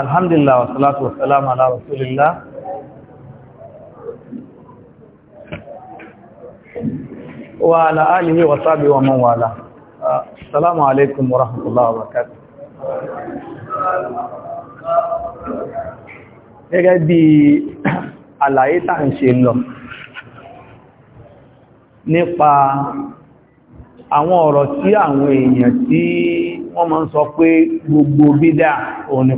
الحمد لله والصلاه والسلام على رسول الله وعلى آله وصحبه ومن والاه السلام عليكم ورحمة الله وبركاته gẹ́gẹ́ bí àlàyé tà ń ṣe lọ nípa àwọn ọ̀rọ̀ tí àwọn èèyàn tí wọ́n máa sọ pé gbogbo bídá òun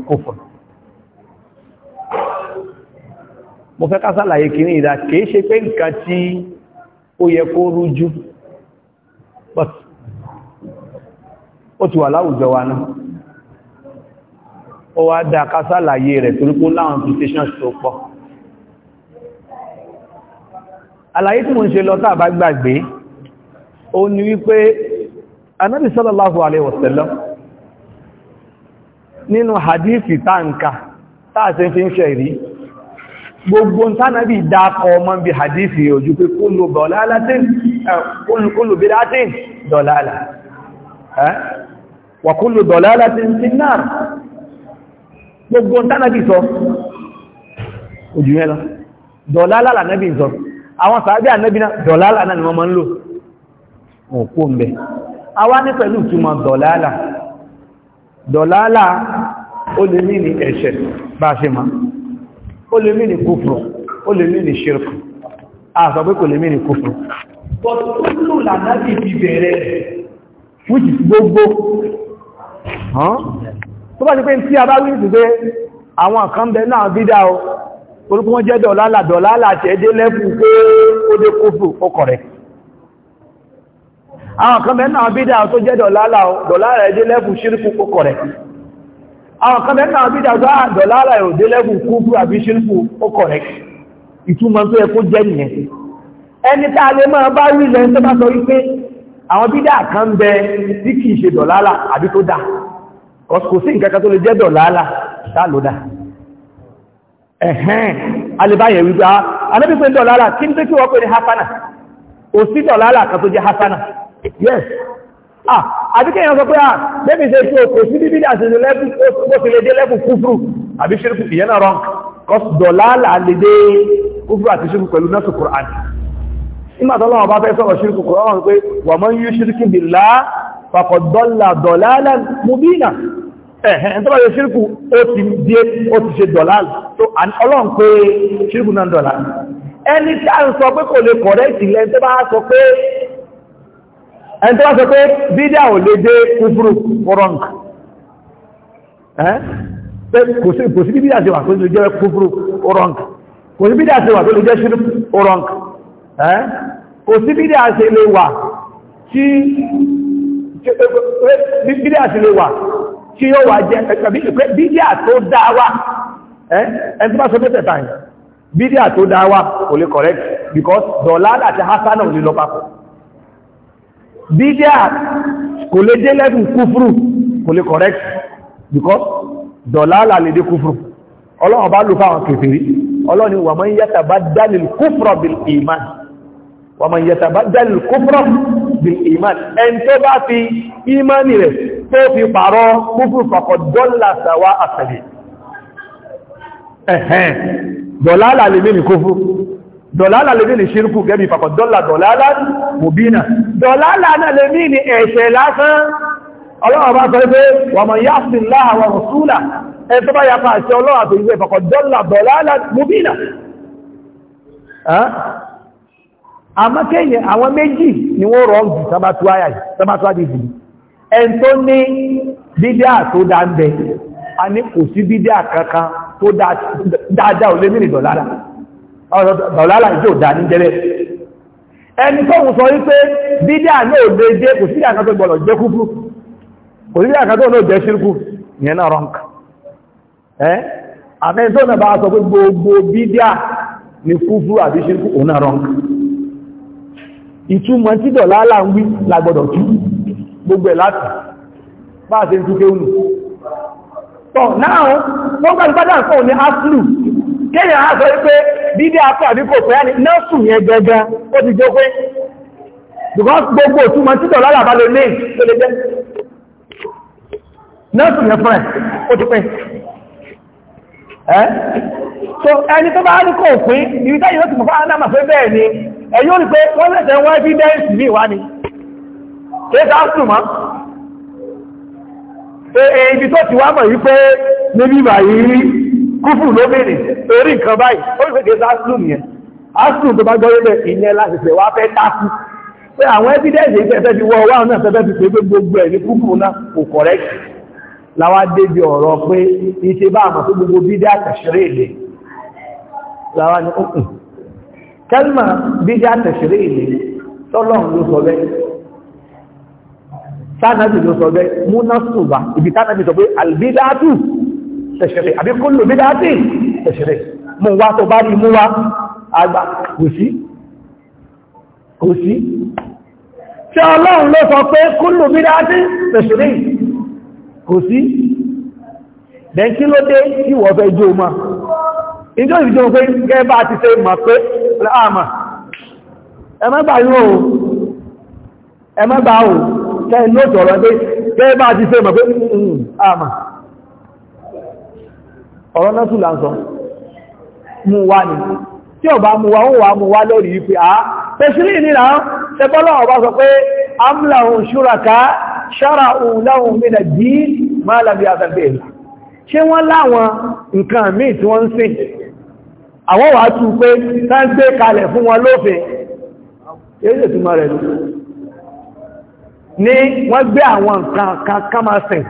mo fẹ́ ká ṣàlàyé kìíní ìdá kìí ṣe pé nǹkan ó yẹ kó rújú but ó ti wà láwùjọ wa náà ó wá dá kásàlàyé rẹ̀ torí kó láwọn implications tó pọ̀ àlàyé tí mo ń ṣe lọ tàbá gbàgbé ó ní wípé anábì sallallahu alaihi nínú hadithi táǹkà táà sí fi ń ṣe gbogbo tánàbí dákọ ọmọ bí hadithi ojú pé kúlù bídátín dọ̀lálà wà kúlù dọ̀lálà tí ń tí náà gbogbo tánàbí sọ ojú yẹn lọ dọ̀lálà lànàbí sọ àwọn sàábí ànàbí náà dọ̀lálà náà ni wọ́n máa ń lò òkú mẹ́ awá ní pẹ̀lú túnmọ̀ dọ̀lálà dọ̀lálà ó lè ní ẹ̀ṣẹ̀ bá ṣe máa ó lè mí ní kúfùrù ó lè mí ní ṣírkù àṣọ pé kò lè mí ní kúfùrù but ó lò lànàbì ti bẹ̀rẹ̀ which is gbogbo tó bá ti pé tí a bá wí ní pé àwọn kan bẹ náà bídá o orúkú wọ́n jẹ́ dọ̀lálà dọ̀lálà tẹ́dé lẹ́fù pé ó dé kúfùrù ó kọ̀rẹ̀ àwọn kan bẹ náà bídá o tó jẹ́ dọ̀lálà dọ̀lálà tẹ́dé lẹ́fù ṣírkù àwọn kan mẹ́ta ah, àbí ìdàgbà àdọ̀lá àlàyé òdé lẹ́gùn kú fún àbí ṣílùkù ó correct ìtumọ̀ tó yẹ kó jẹ́ nìyẹn ẹni tá a lè máa bá rí ilẹ̀ tó bá sọ wípé àwọn bídà kan bẹ tí kìí ṣe dọ̀lálà àbí tó dà kò sí nǹkan kan tó lè jẹ́ dọ̀lálà tá ló dà ẹ̀hẹ́n alẹ́báyẹ̀ wípé anábí ah, pé dọ̀lálà kí ń pé kí wọ́n pè ní hasana ò sí dọ̀lálà kan tó jẹ́ hasana yes Ah, àbíkẹ́ èèyàn sọ pé à ah, lẹ́bí ṣe tí o kò sí bíbí àti ìlẹ́bù bó ti lè dé lẹ́bù kúfrù àbí ṣírùkù ìyẹn náà rán kọ́sù dọ̀láàlà lè dé kúfrù àti ṣírùkù pẹ̀lú nọ́sù Qur'an nígbàtọ́lọ́wọ́ bá fẹ́ sọ̀rọ̀ ṣírùkù Qur'an pé wà mọ́ yú ṣírùkù bìlá fàkọ̀dọ́là dọ̀láàlà mubina ẹ̀hẹ́n tó bá yẹ ṣírùkù ó ti dé ó ti ṣe dọ̀láàlà tó ọlọ́run pé ẹni tó wá sọ pé bídíà ò lè dé kúfúrú fọ́rọ̀nù kò sí bídíà ṣe wà tó lè jẹ́ kúfúrú fọ́rọ̀nù kò sí bídíà ṣe wà tó lè jẹ́ ṣírú fọ́rọ̀nù kò sí bídíà ṣe lè wà tí bídíà ṣe lè wà tí yóò wà jẹ́ bídíà tó dáa wá ẹni tó bá sọ pé tẹ̀tàn bídíà tó dáa kò lè correct because dọ̀lá àti hasana ò lè lọ papọ̀ bídíà kò lè dé lẹ́gùn kúfúrù kò lè correct because dọ̀lálà lè dé kúfúrù ọlọ́run bá lò fáwọn kèfèrí ọlọ́run wà mọ́ yẹ́ta bá dálìl kúfúrọ̀ bil iman wà mọ́ yẹ́ta bá dálìl kúfúrọ̀ bil iman ẹn tó bá fi imani rẹ̀ tó fi pààrọ̀ kúfúrù fàkọ̀ dọ́là sàwà àtàlẹ̀ ẹ̀hẹ́n dọ̀lálà lè mí dọ̀lálà lè ní ṣírkù gẹ́bí ìfàkọ̀ dọ́là dọ̀lálà mòbínà dọ̀lálà náà lè ní ẹ̀ṣẹ̀ lásán ọlọ́wọ́ bá sọ pé wà mọ̀ yá sí láàwọ̀ rọ̀súlà ẹ̀tọ́ bá yapa àṣẹ ọlọ́wà tó ìwé ìfàkọ̀ dọ́là dọ̀lálà mòbínà àmọ́ kéyẹ àwọn méjì ni wọ́n rọ̀ jù sábátúwádìí ẹn tó ní ọ̀làlà ìjọ òdà ní jẹ́rẹ́ ẹni tó ń sọ wípé bídíà náà lè jẹ́ kò sí àkà tó gbọ́lọ̀ jẹ́ kúfú kò sí àkà tó náà jẹ́ ṣírkù ìyẹn náà rọ́nk ẹ́ àfẹ́ tó náà bá sọ pé gbogbo bídíà ni kúfú àbí ṣírkù òun náà rọ́nk ìtumọ̀ tí dọ̀làlà ń wí lágbọ́dọ̀ tú gbogbo ẹ̀ láti bá a ṣe ń túké kéyàn á sọ wípé dídí apẹ́ àbíkò pẹ́ ní nọ́ọ̀sù yẹn gẹ́gẹ́ ó ti jọ pé because gbogbo òtúmọ̀ títọ̀ lálàbá lè lè tó yẹn fún ẹ̀ ó ti pẹ́ ẹ́ so ẹni tó bá ní kò pín ibi táyì ó ti mọ̀ fáwọn náà fẹ́ bẹ́ẹ̀ ni ẹ̀yọ́ rí pé wọ́n lẹ́sẹ̀ wọ́n evidence mi wá ni kéèkà á sùn mọ́ ibi tó ti wá mọ̀ wípé kúfù ló bèèrè orí nǹkan báyìí ó rí pẹ̀kẹ́ sáàsùn yẹn asùn tó bá gbọ́ lórí ìyẹn láti fẹ̀ wá fẹ́ tákù pé àwọn evidence yìí fẹ́fẹ́ fi wọ ọwá náà fẹ́fẹ́ fi pé gbogbo ẹ̀ ní kúfù náà kò correct láwá débi ọ̀rọ̀ pé iṣẹ́ bá àmọ̀ tó gbogbo bídí àtẹ̀ṣẹ̀rẹ̀ èdè láwá ní ọkùn kẹ́lmà bídí àtẹ̀ṣẹ̀rẹ̀ èdè tọ́lọ́run ló sọ bẹ́ẹ̀ sáànàbì ló sọ bẹ́ẹ̀ múnásùbà ibi sáànàbì sọ pé àlbídàtù tẹ̀ṣẹ̀rẹ̀ àbí kó lò mídá tí tẹ̀ṣẹ̀rẹ̀ mú wá tó bá rí mú wá àgbà kò sí kò sí tí ọlọ́run ló sọ pé kó lò mídá tí tẹ̀ṣẹ̀rẹ̀ kò sí dẹ̀ kí ló dé tí wọ́n fẹ́ jó ma ìjọ ìjọ pé gẹ́ bá ti ṣe mọ̀ pé láàmà ẹmẹ́gbà yóò ẹmẹ́gbà ò ọ̀rọ̀ náà tún láǹsọ mú wá ní tí ọba mú wá ń wà mú wá lórí wípé àá tẹ̀sílì nìlá ṣẹpọ́lọ́ ọba sọ pé amlahun ṣúraka ṣára òunláhun mẹ́nà dí máa lábí àtàbẹ̀ ṣe wọ́n láwọn nǹkan míì tí wọ́n ń sìn àwọn wà tú pé tán gbé kalẹ̀ fún wọn lófin èyí tó máa rẹ̀ ní wọ́n gbé àwọn nǹkan kan máa sìn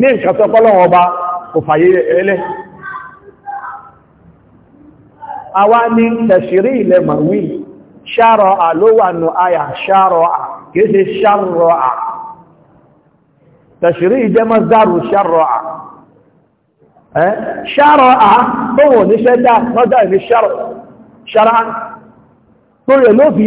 ní nǹkan tọ́pọ́lọ́wọ́ ọba kò fàyè ẹlẹ́ àwa ní tẹ̀sìrí ilẹ̀ mọ̀wí ṣàrọ̀ à ló wà nù àyà ṣàrọ̀ à kéèṣe ṣàrọ̀ à tẹ̀sìrí ìjẹ́mọ́ záàrù ṣàrọ̀ à ṣàrọ̀ à tó wò ní ṣẹ́dá lọ́dá ìní ṣàrọ̀ tó rẹ̀ ló fi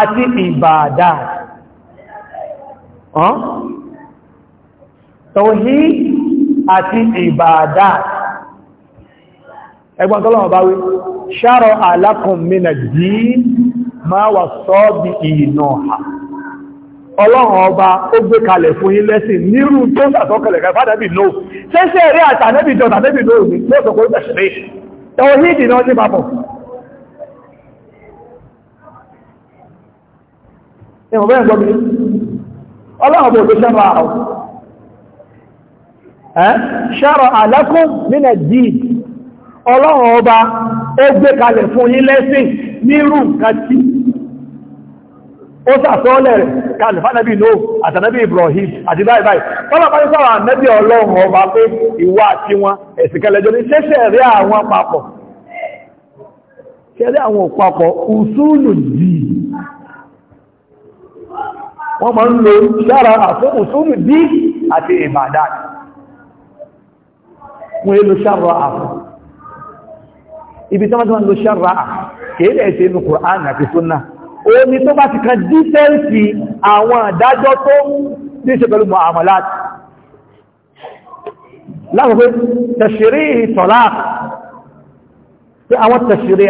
àti ìbàdà tọ̀wọ̀hí àti ìbàdà ẹgbọ́n tọ́lọ̀wọ̀ bá wí ṣàrọ̀ alákùn mìnà jí máa wà sọ́ọ̀bì ìnà ha ọlọ́run ọba ó gbé kalẹ̀ fún yín lẹ́sìn nírú tó sàtọ́kẹ̀lẹ̀ kẹfàdẹ́bì lóò ṣẹ́ṣẹ́ rí àtànẹ́bì jọ tàbẹ́bì lóò ní lóòsọ̀kọ́ ìgbẹ̀ṣẹ̀lẹ̀ tọ̀wọ̀hí ìdìnà ọdí papọ̀ ìwọ̀n bẹ́ẹ̀ gbọ́mí ọlọ́run bó ṣẹ́rọ àrùn ṣẹ́rọ àlẹ́kùn nínú dìí ọlọ́run ọba ó gbé kalẹ̀ fún yín lẹ́sìn ní irú kàtí ó sàtọ́ọ̀lẹ̀ rẹ̀ kalẹ̀ fánàbí ló àtànàbí Ibrahim àti báyìí báyìí tọ́lá bá ń sọ́rọ̀ àmẹ́bí ọlọ́run ọba pé ìwà àti wọn ẹ̀sìnkẹlẹ̀jọ́ wọ́n máa ń lo ṣára àfún òṣùlù dí àti ìbàdà wọ́n èlò ṣára àfún ibi tó máa ń lo ṣára kéèdè ṣe inú Kùránì àti Súnnà ó ní tó bá ti kan dífẹ́ǹsì àwọn àdájọ́ tó ní ṣe pẹ̀lú muamalat láàrín tẹ̀ṣẹ̀rí ìtọ̀lá pé àwọn tẹ̀ṣẹ̀rí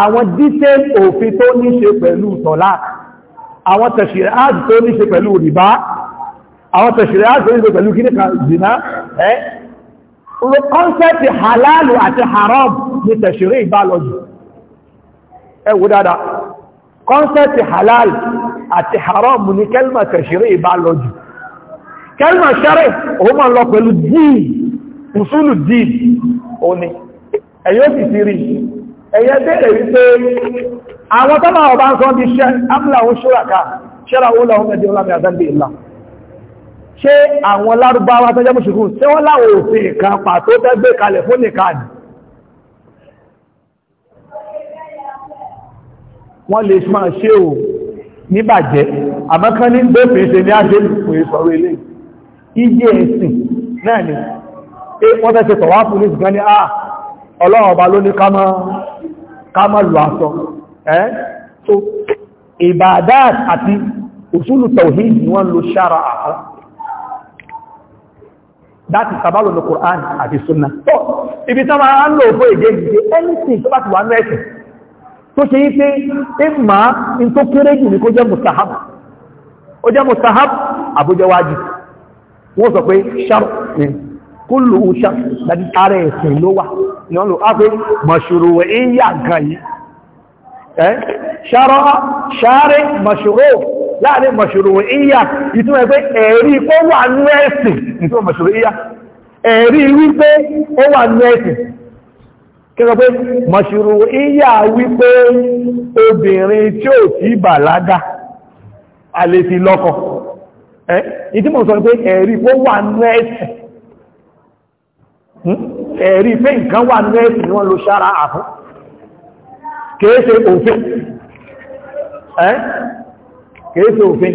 àwọn dífẹ́ òfin tó ní ṣe pẹ̀lú tọ̀láàkì àwọn tẹ̀ṣìrẹ́ áàdì tó ní ṣe pẹ̀lú rìbá àwọn tẹ̀ṣìrẹ́ áàdì tó ní ṣe pẹ̀lú kí níkan zina ẹ́ kọ́nsẹ́tì halalu àti haram ní tẹ̀ṣìrẹ́ ìbálọ́jù ẹ wò dáadáa kọ́nsẹ́tì halal àti haram ní kẹlmà tẹ̀ṣìrẹ́ ìbálọ́jù kẹlmà ṣẹ́rẹ̀ òun máa lọ pẹ̀lú díì usulu díì òní ẹ̀yọ́ sì ti rí ẹ̀yẹ́ bẹ̀rẹ̀ wípé àwọn tọ́lá ọba ń sọ bí ṣe amúláwó ṣúràká ṣẹ́ra olà ọmọ ẹ̀dẹ̀ olámi àdágbé ìlà ṣe àwọn lárúbáwá tó jẹ́ mùsùlùmí tí wọ́n láwọn òfin kan pàtó tẹ́gbẹ́ kalẹ̀ fún nìkan wọ́n lè máa ṣe ò níbàjẹ́ àmọ́kán ní gbẹ́fẹ́ ṣe ní áṣẹ́lù fún ìsọ̀rọ̀ ilé iye ẹ̀sìn náà ni wọ́n tẹ́ ah, ká má lù aṣọ eh So ìbàdáàt ati usulu tawhid ni wọ́n lo ṣára àhọ́ láti sàbálò ní Qur'an Sunna ibi tán máa ń lò fún èdè ìdíje anything tó bá ti wà ní ẹ̀sẹ̀ tó ṣe yípe ìmá in mustahab ó mustahab àbójẹ́ wájib wo so pé ṣára ní kúlù ṣára láti ara ẹ̀sìn ló wà ní wọ́n lò ṣọ́rọ̀ ṣàárẹ̀ mọ̀ṣòro láàrin mọ̀ṣòro ìyà ìtún ẹgbẹ́ ẹ̀rí kó wà ní ẹ̀sìn ìtún mọ̀ṣòro ìyà ẹ̀rí wípé ó wà ní ẹ̀sìn kíkọ pé mọ̀ṣòro ìyà wípé obìnrin tí ò tí bàlágà àlèsì lọ́kọ ìtún sọ pé ẹ̀rí kó wà ní ẹ̀sìn hm? ẹ̀rí pé nǹkan wà ní ẹ̀sìn ni wọ́n lo ṣára àfún kèése òfin ẹ́ kèése òfin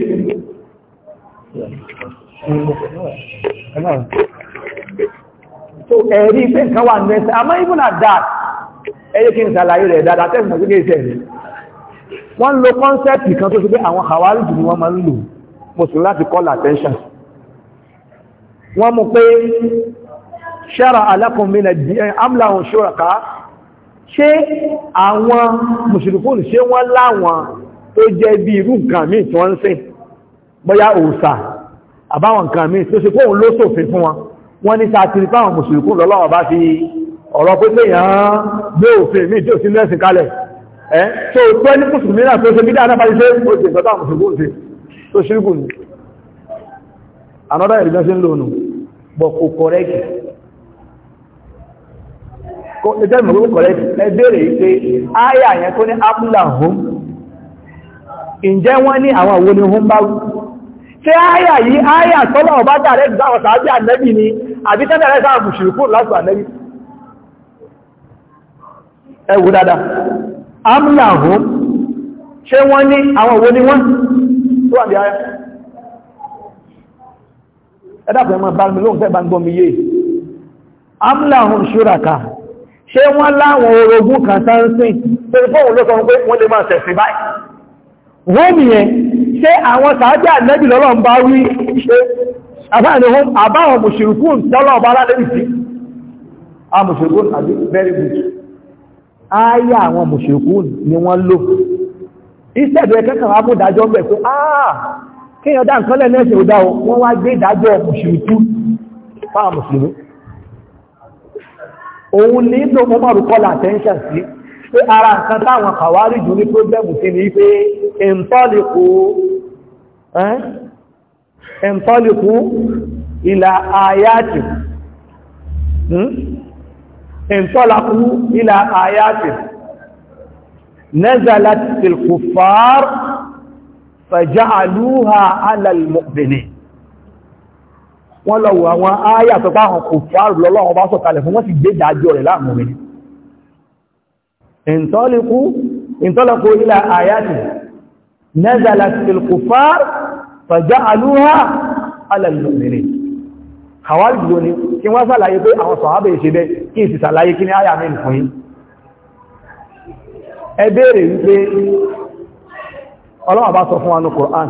so ẹ̀rí pé nǹkan wà ní ẹsẹ̀ àmọ́ even at that ẹ̀yẹ́ kí n sàlàyé rẹ̀ dáadáa tẹ́sì náà gẹ́gẹ́ ìṣẹ́ rẹ̀ wọ́n lo kọ́nsẹ́pì kan tó sí pé àwọn àwárí jù ní wọ́n máa ń lò mùsùlùmí láti call attention wọ́n mú pé ṣẹ́ra alákùnmí na amláhùn ṣúraka ṣé àwọn mùsùlùmí ṣe wọ́n láwọn tó jẹ́ bí irú nǹkan míì tí wọ́n ń sìn bóyá òòsà àbáwọn nǹkan míì tó ṣe kóhun ló ṣòfin fún wọn wọ́n ní sátiri fáwọn mùsùlùmí lọ́lọ́wọ́ bá fi ọ̀rọ̀ pépé yàn gbé òfin míì tí ò sí mẹ́sìn kalẹ̀ ẹ́ tó tó ní mùsùlùmí náà tó ṣe bí dáadáa bá ti ṣe ó ṣe ìtọ́ta mùsùlùmí ṣe tó ṣírí kù ní another ẹjọ́ ìmọ̀gbogbo kọ̀rẹ́tì ẹbẹ̀rẹ̀ pé áyà yẹn tó ní ápùlà hùn ǹjẹ́ wọ́n ní àwọn àwọn ni hùn bá ṣe áyà yìí áyà tọ́lọ̀ ọba dàrẹ́ ìgbàwọ̀ sàábí ànẹ́bì ni àbí tẹ́lẹ̀ sáà mùsùlùkù lásù ànẹ́bì ẹwù dáadáa ápùlà hùn ṣe wọ́n ní àwọn àwọn ni wọ́n tó wà ní áyà ẹ̀dàpẹ̀ mọ́ bá ṣé wọ́n láwọn orogún kan sánsìn tó ní fóòwò ló sọ pé wọ́n lè máa ṣẹ̀sìn báyìí rómi yẹn ṣé àwọn sàájá nẹ́bì lọ́lọ́ ń bá wí ṣe àbáwọn mùsùlùkún lọ́lọ́ bá lálẹ́bì sí àwọn mùsùlùkún àbí very good ááyà àwọn mùsùlùkún ni wọ́n lò ìṣẹ́bẹ̀ kẹ́kàn abúdájọ́ ń bẹ̀ pé àà ah, kíyàn dá nǹkan lẹ́nẹ́sẹ̀ ò dá wọn wá gbé ìdájọ́ mùsùlùkún fáwọn mùsùlùmí òun ní tó mọ́ mọ́rù kọ́lá attention sí pé ara nǹkan táwọn kàwárí jù ní problem sí ni pé ẹ̀ntọ́lẹ̀kú ìlà àyàtì ẹ̀ntọ́lẹ̀kú ìlà àyàtì nazalat fil kuffar faja'aluha wọ́n lọ wọ àwọn ááyà tó bá hàn kò fàárù lọ́lọ́wọ́ bá sọ̀kalẹ̀ fún wọ́n sì gbé dájọ́ rẹ̀ láàmú rẹ̀ ìntọ́lẹ̀kú ilẹ̀ àyàtì nazalat fil kufar faja'aluha ala al-mu'minin wípé ọlọ́wọ́ bá sọ fún wa ní Qur'an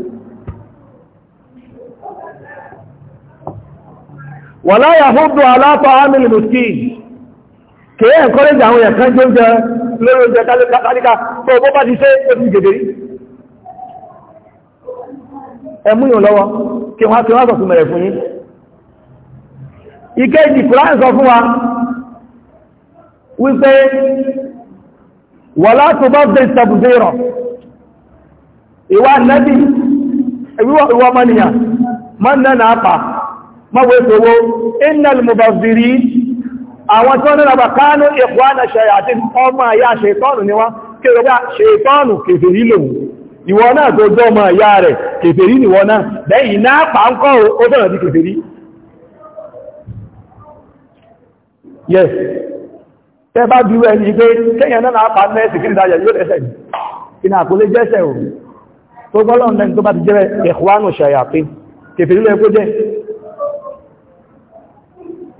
wọ̀lá yàhúdù alátọ̀ amìlì mùsùkì kèé ẹ̀kọ́rẹ́jì àwọn ẹ̀kan jẹ́ oúnjẹ lórí oúnjẹ kálíkà tó bó bá ti ṣe ètù gèdèrí ẹmúyàn lọ́wọ́ kí wọ́n ti wá sọ̀tún mẹ̀rẹ̀ fún yín ìkéjì kùrán sọ fún wa wípé wọ̀lá tó bá bẹ̀ sàbùdérọ̀ ìwà nẹ́bí ìwà mọ́nìyàn mọ́nà náà pàá mọ́gbé ìṣòwò innal mubaziri àwọn tí wọ́n ní rabà kánú ikhwana shayatin ọmọ àyà ṣètọ́nù ni wọ́n kéré bá ṣètọ́nù kèfèrí lòun ìwọ náà tó jọ ọmọ àyà rẹ̀ kèfèrí ni wọ́n náà lẹ́yìn náà pà ó tọ̀nà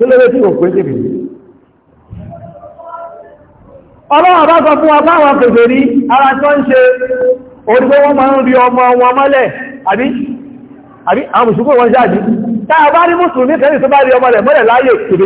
tó tí ọlọ́wọ́ bá sọ fún wa fáwọn pèsè rí ara tó ń ṣe orígbé wọ́n máa ń rí ọmọ wọn mọ́lẹ̀ àbí àwọn mùsùlùmí wọn jáde táà bá rí mùsùlùmí kẹ́rì tó bá rí ọmọ rẹ̀ mọ́lẹ̀ láyé pèsè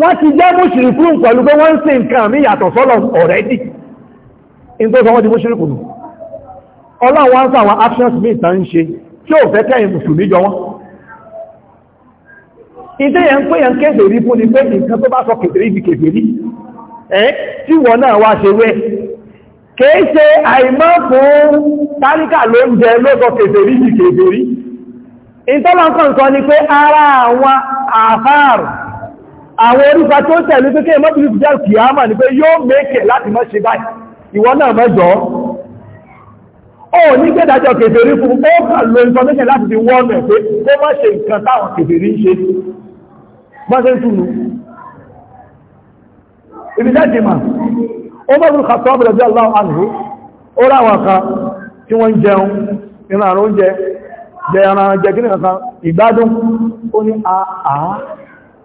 wọ́n ti jẹ́ mùṣírikùn pẹ̀lú pé wọ́n ń sin nǹkan mí yàtọ̀ sọ́lọ̀ ọ̀rẹ́dì in tó sọ wọ́n di mùṣírikùn nù ọlọ́wọ́ ń sàwọn actions mi ìta ń ṣe tí ó fẹ́ kẹ́yìn mùsùlùmí jọ wọ́n ìdí yẹn pé yẹn kèfèrí fún ni pé nǹkan tó bá sọ kèfèrí di kèfèrí ẹ́ tí wọ́n náà wá ṣe wẹ́ kìí ṣe àìmọ́ fún táríkà ló ń jẹ ló sọ kèfèrí di kèfèrí ìtọ́lọ́kàn sọ ni pé ara àwọn àfáàrùn àwọn orípa tó tẹ̀lú pé kéèmọ́ bí jẹ́ kìíyàmà ní pé yóò mẹ́kẹ̀ láti mọ́ ṣe báyìí ìwọ náà mẹ́jọ ó ní gbẹ́dájọ́ kèfèrí fún ó kà lo information láti fi wọ́n mẹ́ pé kó má ṣe nǹkan táwọn kèfèrí ń ṣe mọ́sẹ̀ túnú ibi jáde mà ó mọ́ fún kàtọ́ ọ̀bẹ̀rẹ̀ bí aláwọ̀ àlùhù ó ráwọn kan tí wọ́n jẹun ìran àrùn oúnjẹ jẹ ara jẹ kí nìkan ìgbádùn ó ní àá ah, ah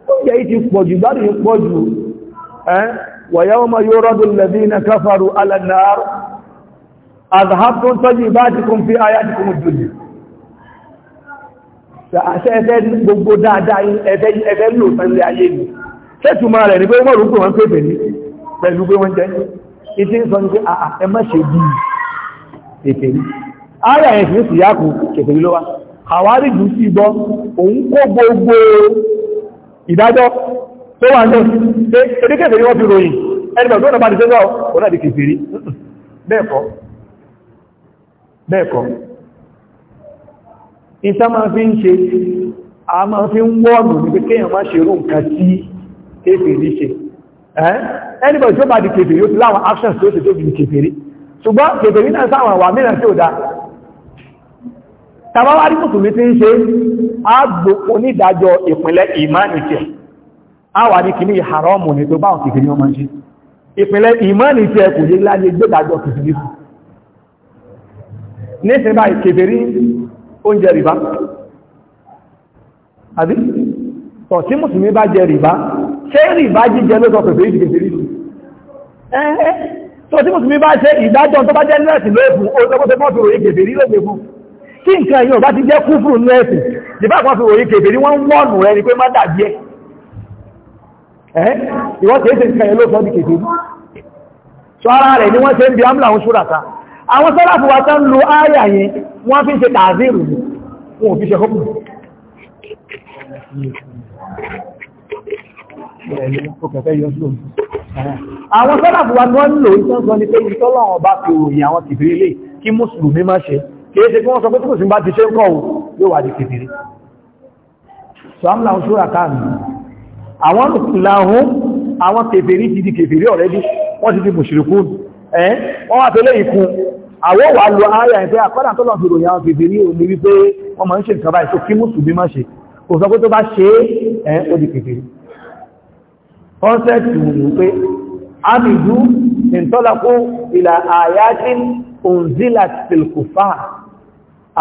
oúnjẹ yìí ti pọ̀jù gbádùn yìí pọ̀jù ẹ́n wa yawma yuradu alladhina kafaru ala an-nar adhabtum tayyibatikum fi ayatikum ad-dunya ẹ̀fẹ́ gbogbo dáadáa ẹ̀fẹ́ lò sánlẹ̀ ayé ni ṣẹ́tùmọ́ rẹ̀ ìdájọ́ tó wà ní ẹdíkẹfẹ̀rí wọ́n fi ròyìn ẹnìmọ̀ tó náà bá ti tẹ́jọ́ ọ̀nà ìdíkẹfẹ̀rí bẹ́ẹ̀kọ́ bẹ́ẹ̀kọ́ ìta máa fi ń ṣe a máa fi ń wọ́nù ní pé kéèyàn má ṣe rú nǹkan tí kéfèrí ṣe ẹnìmọ̀ tó bá di kéfèrí ó ti láwọn actions tó ṣe tó fi di kéfèrí ṣùgbọ́n kéfèrí náà sáwọn àwà mìíràn tí ó dáa tàbá wá rí mùsùlùmí tí ń ṣe àgbò onídàájọ́ ìpínlẹ̀ ìmánìtẹ̀ àwà ní kìí haramu ní tó bá òkè kìí ọmọ ṣe ìpínlẹ̀ ìmánìtẹ̀ kò yé láyé gbẹ́dàjọ́ kìí nísìn bá ìkèbèrí oúnjẹ rìbá àbí tọ̀ tí mùsùlùmí bá jẹ rìbá ṣé rìbá jíjẹ ló sọ pẹ̀lú ìdìkèbèrí tó tí mùsùlùmí bá ṣe ìdájọ́ tó bá tí nǹkan yóò bá ti jẹ́ kú fún ní ẹ̀sìn nígbà kan fi òye kèfè ní wọ́n ń wọ́nù rẹ ni pé má dàbí ẹ́ ìwọ́n tẹ́ ṣe nǹkan yẹn ló sọ́ di kèfè ní sọ ara rẹ̀ ni wọ́n ṣe ń bi ámúlà àwọn ṣúràká àwọn sọ́láfù wa tán lo áyà yẹn wọ́n fi ṣe tààzírù wọn ò fi ṣe kọ́pù àwọn sọ́láfù wa tán lò ìtọ́sọ́ ni pé ìtọ́lọ́wọ́n bá fi òyìn àwọn kèfè lè kí mùsùlùmí má ṣe kìí ṣe kí wọ́n sọ pé kò sí bá ti ṣe ń kọ́ yóò wà di kìtìrí sọ́mlà ṣúra káàmì àwọn làhún àwọn kèfèrí ti di kèfèrí ọ̀rẹ́dí wọ́n ti di mùṣìríkùn ẹ́ wọ́n wá tẹ́lẹ̀ ìkún àwọ́ wà lọ ayà ìfẹ́ àkọ́dà tó lọ fi ròyìn àwọn kèfèrí ò ní wípé wọ́n máa ń ṣe nǹkan báyìí tó kí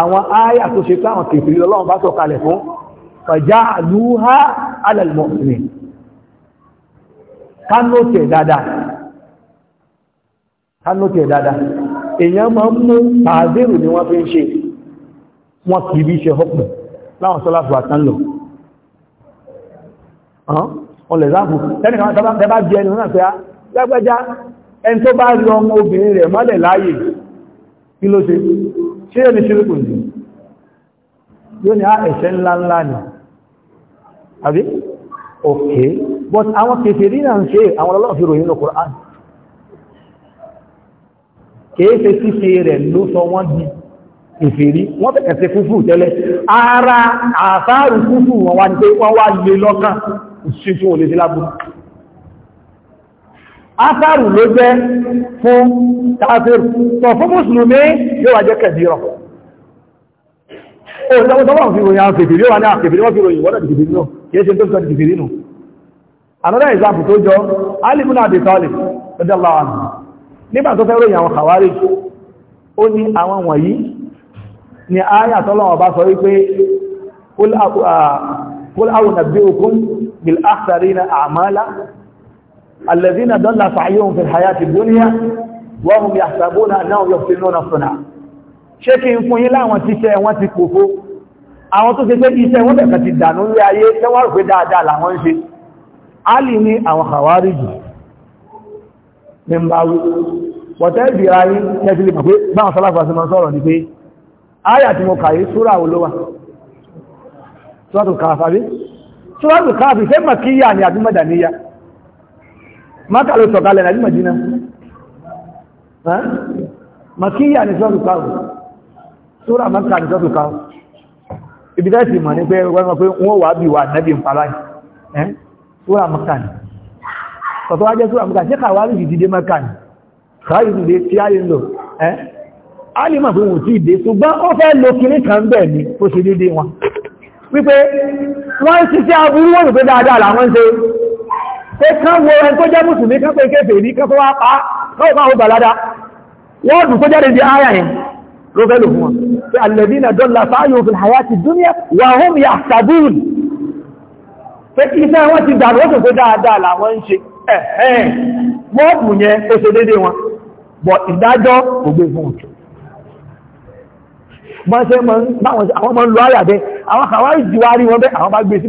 àwọn ááyà tó ṣe pé àwọn kèfèrí lọ́lọ́run bá sọ kalẹ̀ fún ọjá àlúhá alẹ́lmọ̀sìnì kánótẹ̀ dáadáa kánótẹ̀ dáadáa èyàn máa ń mú pàázérù ni wọ́n fi ń ṣe wọ́n kì í bí ṣe hópù láwọn sọ́láfù àtànlò ọ̀lẹ̀ záàfù tẹ́nìkan tẹ́bá ah, kí ló ṣe ṣe ni ní ṣíríkù ní yóò ní ah, ẹ̀ṣẹ̀ ńláńlá ni àbí òkè but àwọn kèfèrí náà ń ṣe àwọn ọlọ́fì ròyìn ní Kùrán kèése ṣíṣe rẹ̀ ló sọ wọ́n di kèfèrí wọ́n tẹ̀kẹ̀ sí tẹ́lẹ̀ ara àfáàrù kúfù wọn wá ní pé wọ́n wá lè lọ́kàn ìṣẹ́ afárù ló jẹ́ fún tààfíìrù tọ̀ fún mùsùlùmí yóò wà jẹ́ kẹ̀bírọ̀ ó lọ́wọ́n fi ròyìn àwọn kèfèrí wà ní àkèfèrí wọ́n fi ròyìn wọ́n dàdì kèfèrí náà kìí ṣe tó sọ kèfèrí nù another example tó jọ alìmúnà àbí tọ́lì lọ́jọ́ láwọn nígbà tó fẹ́ ròyìn àwọn kàwárí ó ní àwọn wọ̀nyí ni àyà tọ́lọ́wọ́ bá sọ wípé kúl àwọn nàbí okun bil akhsarina a'mala الذين ضل سعيهم في الحياة الدنيا وهم يحسبون أنهم يحسنون صنعا ṣé kí n fún yín láwọn tíṣẹ́ wọn ti kòfó àwọn tó ṣe pé iṣẹ́ wọn bẹ̀kẹ̀ ti dànù ní ayé tẹ́wọ́n rò pé dáadáa làwọn ń ṣe alì ní àwọn àwárí jù ní mbáwí wọ̀tẹ́ ìbìra yí tẹ́sílẹ̀ pàpé báwọn sọ́láfà sí máa sọ̀rọ̀ ní pé áyà mo kàyí súrà olówà sọ́tù kàfàbí sọ́tù kàfàbí fẹ́ mọ̀ ni àbí mọ̀dàníyà maka ló sọ̀kalẹ̀ ní Madina makíyà ní sọ́tù káwù sóra maka ní sọ́tù káwù ibi tẹ́ sì mọ̀ ní pé wọ́n wà bí wà nẹ́bí ń palá sóra maka ní kọ̀tọ́ wájẹ́ sóra maka ṣe kàwà rí dìde maka ní sáàrí dìde tí a lè lò a lè mọ̀ ti dé ṣùgbọ́n ó fẹ́ lo kìnní kan bẹ̀ ni ó ṣe dédé wọn wípé wọ́n ń ṣiṣẹ́ aburú dáadáa làwọn ṣe pé kán wo ẹn tó jẹ́ mùsùlùmí kán pé kéfèé ní kán tó wá pa káwọ́ máa gbà ládá wọ́ọ̀dù tó jáde di áyà yẹn ló fẹ́ lò fún wọn pé alladhina dalla sa'yuhum fil hayati dunya wa hum yahtabun pé kí iṣẹ́ wọn ti dànù ó sì pé dáadáa làwọn ń ṣe ẹ̀ẹ́ mọ́ọ̀bù yẹn ó ṣe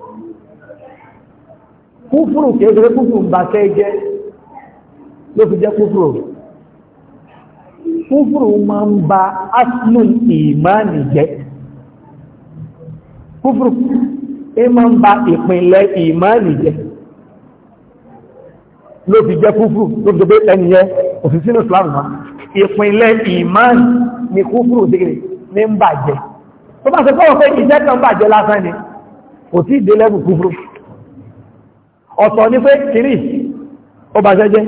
kúfùrù kéèkéé kúfùrù ń ba fẹ́ jẹ́ ló fi jẹ́ kúfùrù kúfùrù máa ń ba aslun ìmáàni jẹ́ kúfùrù ẹ máa ń ba ìpínlẹ̀ ìmáàni jẹ́ ló fi jẹ́ kúfùrù ló fi jẹ́ pé ẹniyẹ òfìsínú islam ma ìpínlẹ̀ ìmáàni ni kúfùrù dìgrì ní ń bàjẹ́ tó bá ṣe kọ́wọ́ ìjẹ́ kan bàjẹ́ lásán ni kò tí ìdélẹ́bù kúfùrù ọ̀tọ̀ ní pé kìíní ó bá ṣẹ́ jẹ́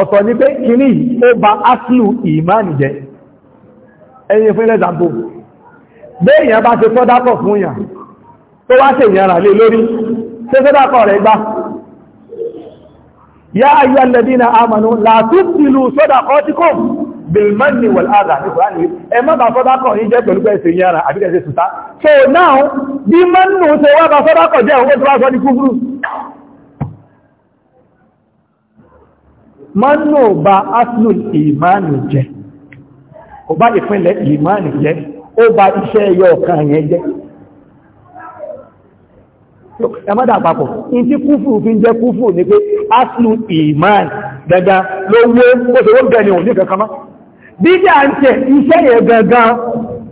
ọ̀tọ̀ ní pé kìíní ó bá áṣìlù ìmáàni jẹ́ ẹ̀yìn fún ilẹ̀zàmbò bí èyàn bá ṣe fọ́dákọ̀ fún èyàn tó wá ṣe ìyàrà lé lórí ṣe fọ́dákọ̀ rẹ̀ gbá yá ayú alẹ́dínà àmànú látúbìlù sọ́dàkọ́tíkùn bilmanni wal adha ní kùránì ẹ má bá sọ́dákọ̀ yí jẹ́ pẹ̀lú pẹ̀sẹ̀ ìyára àbíkẹ̀ẹ́sẹ̀ sùta so now bí mọ́nù ṣe wá bá sọ́dákọ̀ jẹ́ òun tó wá sọ́ ní kúrú mọ́nà ọba aslul ìmánì jẹ́ ọba ìpínlẹ̀ ìmánì jẹ́ ó ba iṣẹ́ ẹyọ ọ̀kan yẹn jẹ́ ẹmọ́dà àpapọ̀ in tí kúfù fi ń jẹ́ kúfù ní pé aslul ìmánì dẹ̀dà ló wó oṣòwò gẹ̀ẹ́ni òní kankan mọ́ dídá ń tẹ̀ iṣẹ́ yẹn gangan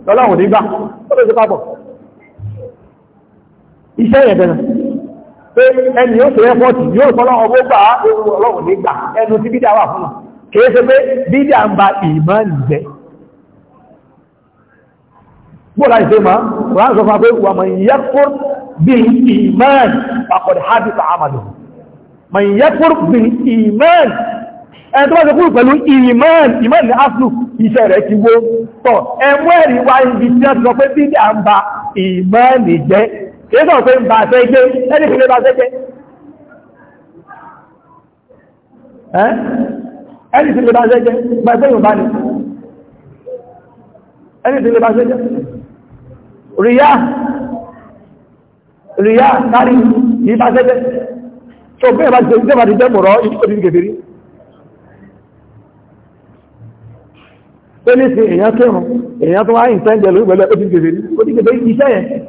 lọ́lọ́run nígbà ó lè ṣe papọ̀ iṣẹ́ yẹn gangan pé ẹni yóò tó ẹ́fọ́tì yóò sọ́lọ́ ọgbó gbà ọlọ́run nígbà ẹnu tí bídà wà fún kìí ṣe pé bídà ń ba ìmánì jẹ́ bóòlá ìṣe ma wọ́n sọ fún pé wà mọ̀ yẹ́kùr bí ìmánì pàkọ̀dì hábí pàámàdù mọ̀ yẹ́kùr bí ìmánì ẹni tó bá ṣe kúrò pẹ̀lú ìmánì ìmánì kìí sọ pé bá fẹ́ gbé ẹni fi lè bá fẹ́ gbé ẹni fi lè bá fẹ́ gbé bá ẹgbẹ́ yóò bá ní ẹni fi lè bá fẹ́ gbé ríyá ríyá kárí yìí bá fẹ́ gbé tó bí ẹ̀bá ti jẹ́ bá ti jẹ́ mọ̀rọ̀ ìdíkòdí gẹ̀fẹ̀rí pé ní sí èèyàn kírun èèyàn tó wá ìtẹ́jẹ̀ lórí pẹ̀lú ó ti gẹ̀fẹ̀rí ó ti gẹ̀fẹ̀rí iṣẹ́ yẹn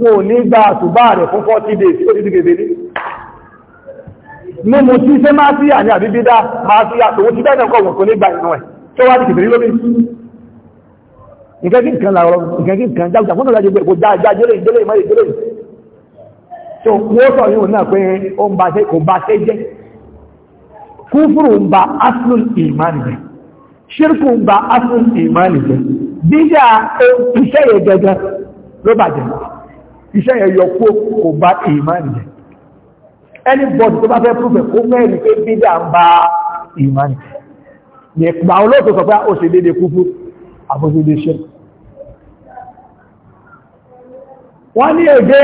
wọn ò ní gba àtùbá rẹ̀ fún 40 days ó ti di gèbèrè mímú tí ṣe máa sí àní àbíbídá máa sí àtòwò tí bẹ́ẹ̀ kọ̀wọ̀n kò ní gba ìnú ẹ̀ tó wá ní gèbèrè lómi ìkẹ́kí nǹkan làrọ̀ ìkẹ́kí nǹkan jágbà fún ìlàjẹ́ ìgbẹ̀kọ̀ jájá jẹ́lẹ̀ so wọ́n sọ yíò náà pé ó ń ba ṣe kò bá ṣe jẹ́ kúfùrù ń ba aslul iman jẹ́ ṣírkù ń ba aslul iman jẹ́ iṣẹ́ yẹn yọ kó kò bá ìmánì jẹ́ anybody tó bá fẹ́ prúfẹ̀ kó mẹ́rin pé bídà ń bá ìmánì jẹ́ ìpà olóòtú sọ pé ó ṣe dédé kúfú àbójúdé ṣe wọ́n ní ẹgbẹ́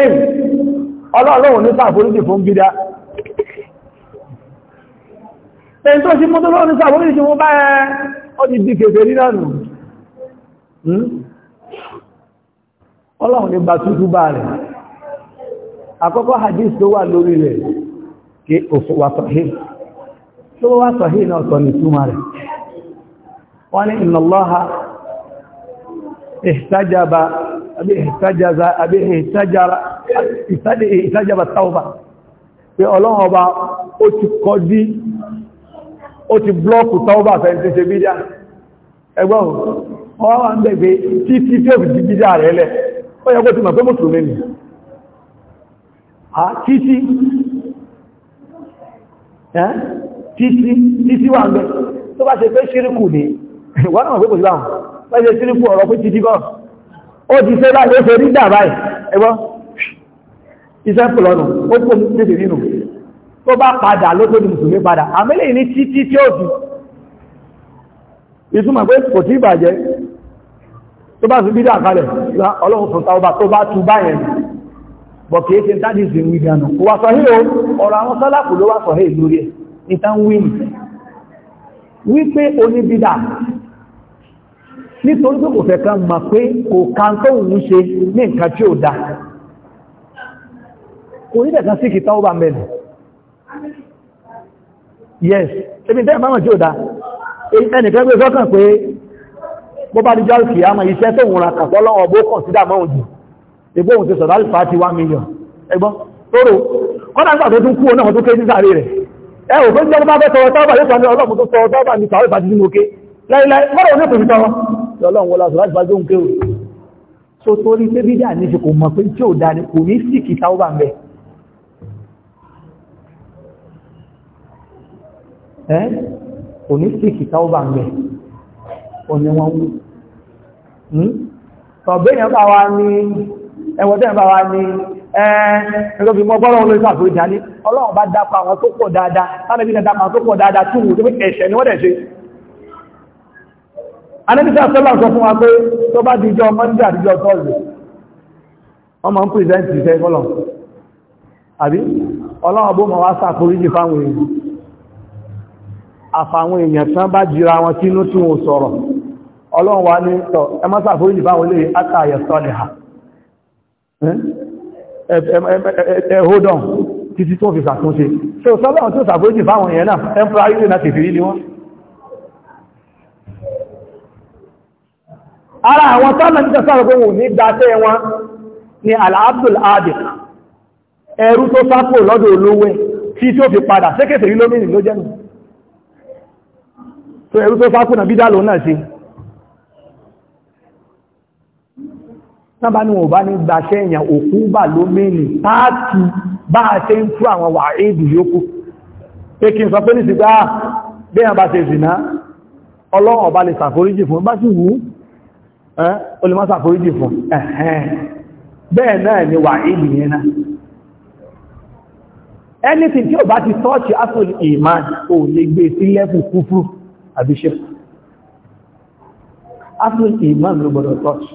ọlọ́ọ̀lọ́wọ̀n ní sàfóríjì fún bídà ọlọ́run lè bá bá rẹ̀ àkọ́kọ́ hadith tó wà lórí rẹ̀ kí wà tó wà sọ̀hí sọ ní túnmà rẹ̀ wọ́n ni ìnàlọ́ha ìtajaba tauba pé ọlọ́run ọba ó ti kọ́ ó ti blọ́ọ̀kù tauba fẹ́ ẹgbọ́n wọ́n wá ń bẹ̀gbẹ̀ títí tí ó yẹ kó ti mọ̀ pé mùsùlùmí ni títí títí títí wà ń bẹ tó bá ṣe pé ṣíríkù ni wọ́n náà pé kò sí láwọn bá ṣe ṣíríkù ọ̀rọ̀ pé títí gọ́ ó ti ṣe láti ó ṣe rí dà báyìí ẹgbọ́n iṣẹ́ pùlọ́nù ó kò tètè nínú tó bá padà ló tó di mùsùlùmí padà àmìlẹ̀ ní títí tí ó fi ìtumọ̀ pé kò tí ìbàjẹ́ tó bá sí bídá kalẹ̀ ọlọ́run fún taọba tó bá tú báyẹn bọ̀ kìí ṣe tàbí sí ìrìnànà kò wà sọ̀hí o ọ̀rọ̀ àwọn sálàkù ló wà sọ̀hí lórí ẹ̀ ìtàn wíìnì wípé oníbídà nítorí pé kò fẹ́ kan mọ̀ pé kò kan tó ń ṣe ní nǹkan tí ó dá kò ní dẹ̀kan sí kìtà ọba mẹ́lẹ̀ yes ebi tẹ́ ẹ̀mọ́ tí ó dá ẹnìkan gbé sọ́kàn pé bó bá díjọ́ ìkì àmà iṣẹ́ tó wùn ràkà fọ́lọ́wọ́ bó kàn sí dàmọ́ òjì egbó òun ti sọ̀rọ̀ alìfà ti wá mílíọ̀n ẹgbọ́n tóró kọ́nà nígbà tó tún kú náà tó ké sí sáré rẹ̀ ẹ ò tó jẹ́ bá bẹ́ tọrọ tábà yóò sọ ní ọlọ́run tó tọrọ tábà ní sàárè fàtí sínú oké láìláì mọ́rọ̀ ní òkè tọrọ ọlọ́run wọlá sọ̀rọ̀ alìfà tó ń ké o so torí pé bídà ní ṣe kò mọ̀ pé tí ò dá ní kò ní sí kì táwọ́bà mẹ́ ẹ́ kò wọn wú tọ̀gbẹ́yàn hmm? bá wá ní ẹwọ̀tẹ́ bá wá ní ẹ̀ẹ́rọ̀bí mọ́ bọ́rọ̀ olórí sàfòrìjà ní ọlọ́run bá dápa àwọn tó pọ̀ dáadáa tánàbí na dápa tó pọ̀ dáadáa tí wù tó pé ẹ̀ṣẹ̀ ni wọ́n dẹ̀ ṣe anẹ́bíṣẹ́ àṣọ́lá sọ fún wa pé tó bá dijọ́ mọ́ndé àdíjọ́ tọ́ọ̀lẹ̀ wọ́n máa ń pìrìsẹ́ntì iṣẹ́ fọ́lọ̀ àbí ọlọ́run bó máa wá sàforíjì fáwọn èèyàn àfàwọn èèyàn tán bá jira wọn sínú tí wọn sọ̀rọ̀ ọlọ́run wà ní tọ̀ ẹ má ṣàforíjì bá wọlé àtàyẹ̀ sọ́lẹ̀hà ẹ hold on títí tó fi ṣàtúnṣe so sọ́lọ́run tó ṣàforíjì fáwọn èèyàn náà temporary náà tèfèrí ni wọ́n ara àwọn tọ́lọ̀ ní tẹ́sọ́rọ̀ pé wò ní dáṣẹ́ wọn ni al-abdul adiq ẹrú tó sápò lọ́dọ̀ olówó tí tí ó fi padà sékèsè rí lómìnì ló jẹ́nu tó ẹrú tó sápò náà bídá lòun náà ṣe tábà ní wọ̀n bá ní gbàṣẹ́ èèyàn òkú bà ló mẹ́ni táàkì bá a ṣe ń fún àwọn wà éèdì yókù pé kí n sọ pé ní sígbà bẹ́yàn bá ṣe ni wà éèdì yẹn anything tí ò bá ti tọ́ọ̀ṣì asòlì ìmán ò lè gbé e sí lẹ́fù kúfúrú àbíṣẹ́ asòlì ìmán ló gbọ́dọ̀ tọ́ọ̀ṣì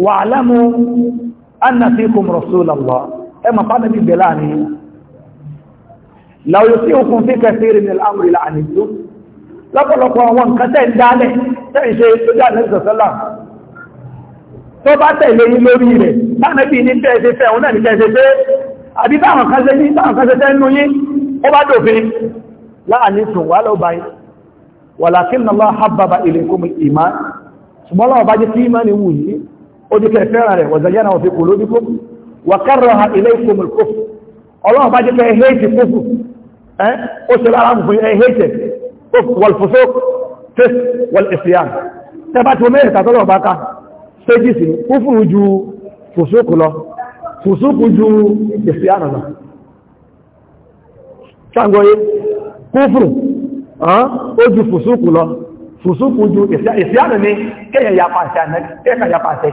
واعلموا أن فيكم رسول الله اما قال النبي بلاني لو يطيعكم في كثير من الأمر لعنتم lọ́pọ̀lọpọ̀ àwọn nǹkan tẹ́ ń dálẹ̀ tẹ́ ìṣe ìṣòjá àlẹ́sọ̀sọ́lá tó bá tẹ̀lé yí lórí rẹ̀ tánàbí ní tẹ́ẹ̀ṣe fẹ́ òun náà ní tẹ́ẹ̀ṣe pé àbí báwọn kan ṣe ní báwọn kan ṣe tẹ́ nú ṣùgbọ́n láwọn bá jẹ́ sí ìmá ni wù yìí ojúkẹ́ fẹ́ràn rẹ̀ wọ̀zẹ̀yẹ́nà òfin kò lójú fún wàkárọ̀ ha ilé ìkòmù kófù ọlọ́run bá jẹ́ pé ẹ̀hẹ́jì kófù ẹ́ ó ṣe lára mú fún ẹ̀hẹ́jì kófù wọ̀lfòsó tẹ́s wọ̀lẹ̀sìyàn tẹ́bá tí ó mẹ́rin tàtọ́lọ̀ bá ká séjì sí kófù ju fòsókù lọ fòsókù ju ìsìyàn lọ ṣàngọ́yé kófù ó ju yapa àṣẹ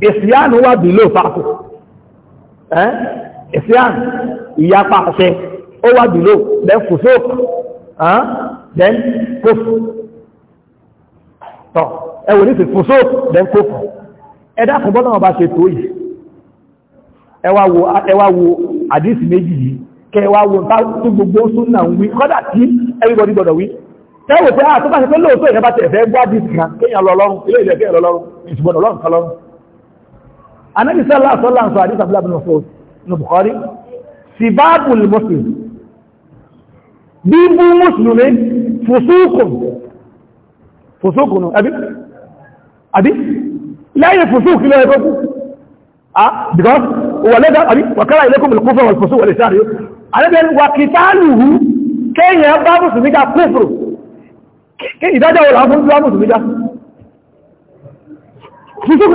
ìsìyàn wà bí ló fàákù ìsìyàn ìyapa àṣẹ ó wà bí ló then fusuk then kófù tọ́ ẹwò ní sí fusuk then kófù ẹ̀dá fún bọ́lá ọba ṣe tó yìí ẹwà wo àdísì méjì yìí kẹwàá wo bá tó gbogbo súnà ń wí kọ́dà tí everybody gbọ́dọ̀ wí tẹ́wò pé àtúbàṣẹ́ ah, pé lóòótọ́ ìrẹ́bàtẹ̀ ẹ̀fẹ́ gbádìí kan kéèyàn lọ lọ́rùn ilé ìlẹ̀kẹ́ lọ lọ́rùn ìṣùgbọ́n lọ́rùn kan lọ́rùn anábi sọ́lá sọ́lá sọ àdísà bí lábìnà fún ní Bukhari sí báàbù muslim bíbú musulmi fùsúkùn fùsúkùn àbí àbí lẹ́yìn fùsúkù lọ ẹgbẹ́ kú ah because wà lẹ́gbẹ́ àbí wàkàrà ilẹ́kùn ìlúkúfẹ́ wà fùsúkù wàlẹ̀ sáàrí alẹ́bẹ̀ wà kìtàlùhù kéèyàn bá musulmi ká kúfùrù ìdájọ́ wọ́n làá fún musulmi ká fùsúkù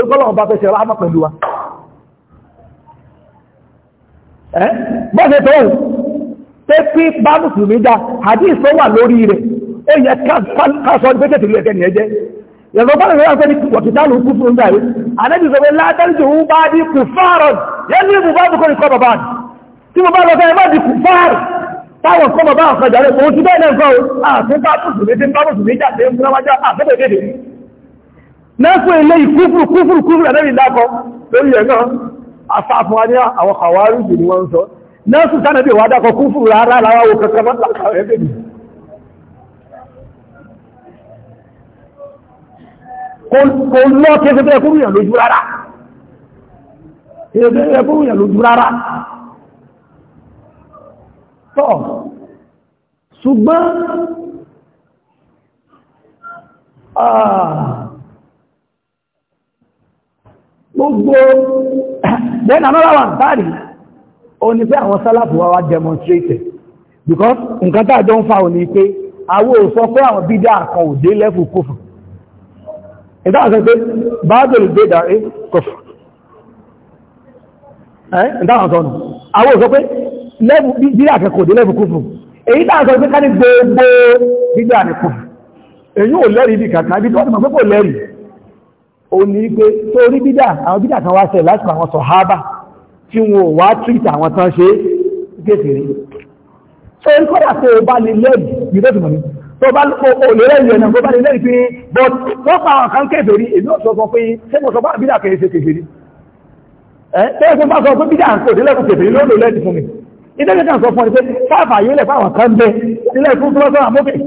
olùkọ́lọ́wọ́ bá fẹ́ṣẹ̀ ráhámà pẹ̀lú wa bọ́sẹ̀ tó ń tẹ́ pí bá mùsùlùmí dá hadith tó wà lórí rẹ̀ ó yẹ káàsọ́ ní pẹ́kẹ̀tì lórí ẹ̀kẹ́ nìyẹn jẹ́ yẹ̀sọ́ bá lọ́wọ́ pẹ́ ní wọ̀kìtà ló kú fún dáyé anẹ́bí sọ pé látàríjò ń bá dí kù fáàrọ̀ yẹ́lú ìbù bá bùkọ́ ìkọ́ bàbá tí mo bá lọ fẹ́ bá dí kù fáàrọ̀ táwọn kọ́ bàbá lẹ́kùn ilé ìkúfùrù kúfùrù kúfùrù ẹ̀lẹ́rì dákọ lórí ẹ̀ náà afáfún wa ní àwọn àwárí jù ní wọ́n sọ lẹ́kùn sánàbí wà dákọ kúfùrù rárá láwáwò kankan mọ́ láàrín ẹgbẹ̀ mi kò lọ kéfẹ́ ẹkúrùyàn lójú rárá tọ́ gbogbo then another one bari o ni pé àwọn sálàfù wa wá demonstrated because nǹkan tá jọ ń fa òní pé àwọn ò sọ pé àwọn bídá kan ò dé lẹ́fù kófù ìdáhùn sọ pé báàdùn dé dàrí kófù ìdáhùn sọ nù àwọn ò sọ pé bídá kan kò dé lẹ́fù kófù èyí dáhùn sọ pé ká ní gbogbo bídá ní kófù èyí ò lẹ́rìí bí kàkà bí tó wọ́n ti mọ̀ pé kò lẹ́rìí ó ní pé torí bídà àwọn bídà kan wá ṣẹlẹ̀ láti àwọn sọ̀hábà tí wọn ò wá tírìtì àwọn tán ṣe gẹ́gẹ́rẹ́ so n kọ́dà tó o bá lè lẹ́rì ìrẹ́dì mọ̀ ní tó bá lè lẹ́rì ẹ̀nà tó bá lè lẹ́rì pé but wọ́n pa àwọn kan kèfèrí èmi ò sọ sọ pé sẹ́gbọ̀n sọ bá bídà kẹ́ ṣe kèfèrí ẹ́ tẹ́lẹ̀ tó bá sọ pé bídà kò délẹ́kùn kèfèrí ló lò lẹ́rì fún mi ìdẹ́gbẹ̀ta sọ fún ọ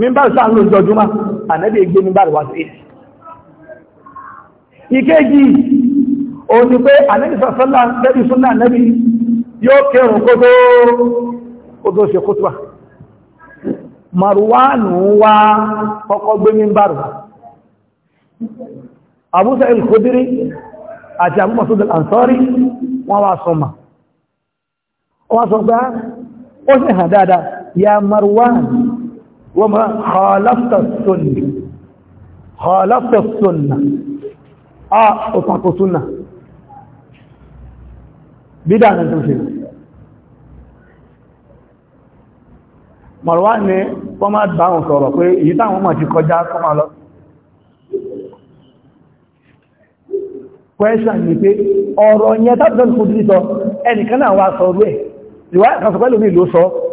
mímbà sáà ló jọjúmá ànẹ́bí gbé mímbà wá sí èsì ìkéjì òun ni pé ànẹ́bí sọ́sọ́lá lẹ́bí súnlá ànẹ́bí yóò kẹrùn kó tó ṣe kútùbà marwanu wá kọ́kọ́ gbé mímbà rù Abu Sa'id al-Khudri àti Abu Mas'ud al wọ́n wá sọ ah, وما خالفت السنة خالفت السنة آه أطلق سنة بدعنا تمشي Marwan ni wọ́n máa bá wọn sọ̀rọ̀ pé èyí táwọn máa ti kọjá kọ́ máa lọ. Kwẹ́ṣà ni pé ọ̀rọ̀ yẹn tábìlẹ̀ kò dìí sọ, ẹnìkan náà wá sọ rú ẹ̀. Ìwá ìkànsọ̀pẹ́lú mi ló sọ,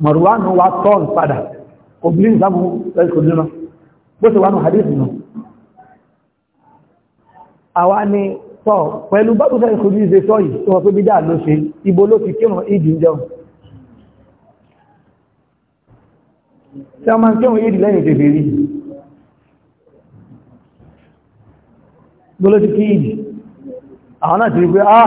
Marwan wa pada, padà obìnrin ìzámú lẹ́sùn lónà bó ṣe wà ní hadith nù àwa ni tọ́ pẹ̀lú bá tó fẹ́ ìkòjú ìṣe sọ yìí tó wọ́n pé bídá ló ṣe ibo ló ti kírun ìdí jẹun tí wọ́n máa ń kírun ìdí lẹ́yìn tèfè rí ti kí ìdí ti ah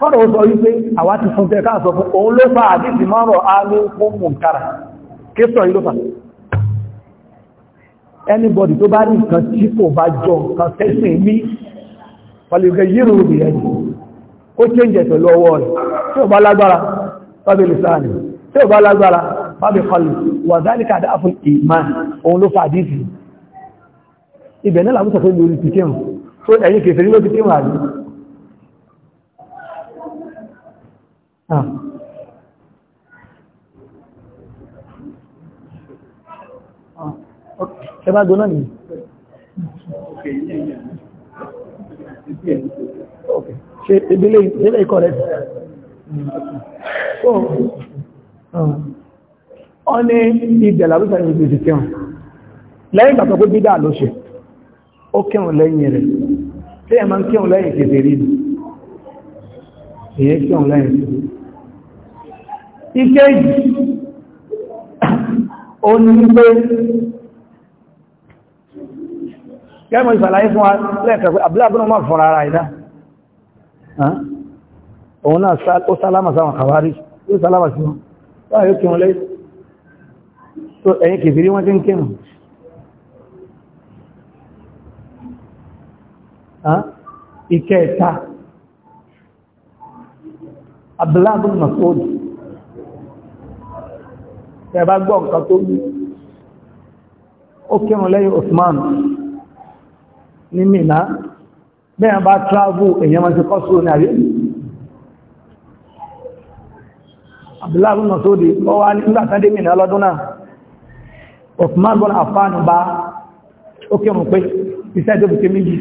kọ́dọ̀ ó sọ wípé àwa ti fún tẹ́ká sọ fún òun ló fa àdíjì márùn alé fún mùnkára kéṣọ̀ yìí ló fà anybody tó bá ní nǹkan tí kò bá jọ nǹkan tẹ́sìn mí pàlùkẹ́ yírò rẹ̀ ẹni ó chẹ́ǹjẹ̀ pẹ̀lú ọwọ́ rẹ̀ tí ò bá lágbára fábí lùsáàni tí ò bá lágbára fábí kọlù wà zálíkà dá fún ìmán òun ló fa àdíjì ibẹ̀ náà làbúsọ̀ pé lórí ti kírun tó ẹ̀yìn kèfèrí ló ti kírun Ah. Ah. ẹ bá gbóná nìyí ṣe ìbílẹ̀ ikọ̀ rẹ̀ so ọ ní ìbẹ̀ làbúsà ní ìbẹ̀ ìkẹun lẹ́yìn ìgbàtọ̀ pé bídá ló ṣe ó kẹun lẹ́yìn rẹ̀ tí ẹ ma ń kẹun lẹ́yìn kèfèrí ni èyẹ kẹun lẹ́yìn kèfèrí ìkéjì ó ní wípé kẹ́mọ̀ ìsàlàyé fún wa lẹ́ẹ̀kẹ̀ẹ́ àbúlábùnà máa fọ́nà ara ìdá òun náà ó sálámà sáwọn kàwárí ó sálámà sí wọn láàá yóò kí wọn lẹ́yìn tó ẹ̀yìn kìfìrí wọ́n tí ń kírùn ìkẹta àbúlábùnà sóòdù tẹ̀bá gbọ́ nǹkan tó wí ó kírun lẹ́yìn Usman ní Mínà bẹ́ẹ̀ bá travel èyàn máa ti kọ́ sóò ní àrí Abdullahi náà tó di ọ wá nígbàtàdé Mínà lọ́dún náà Usman bọ́n Affan bá ó kírun pé iṣẹ́ tó fi méjì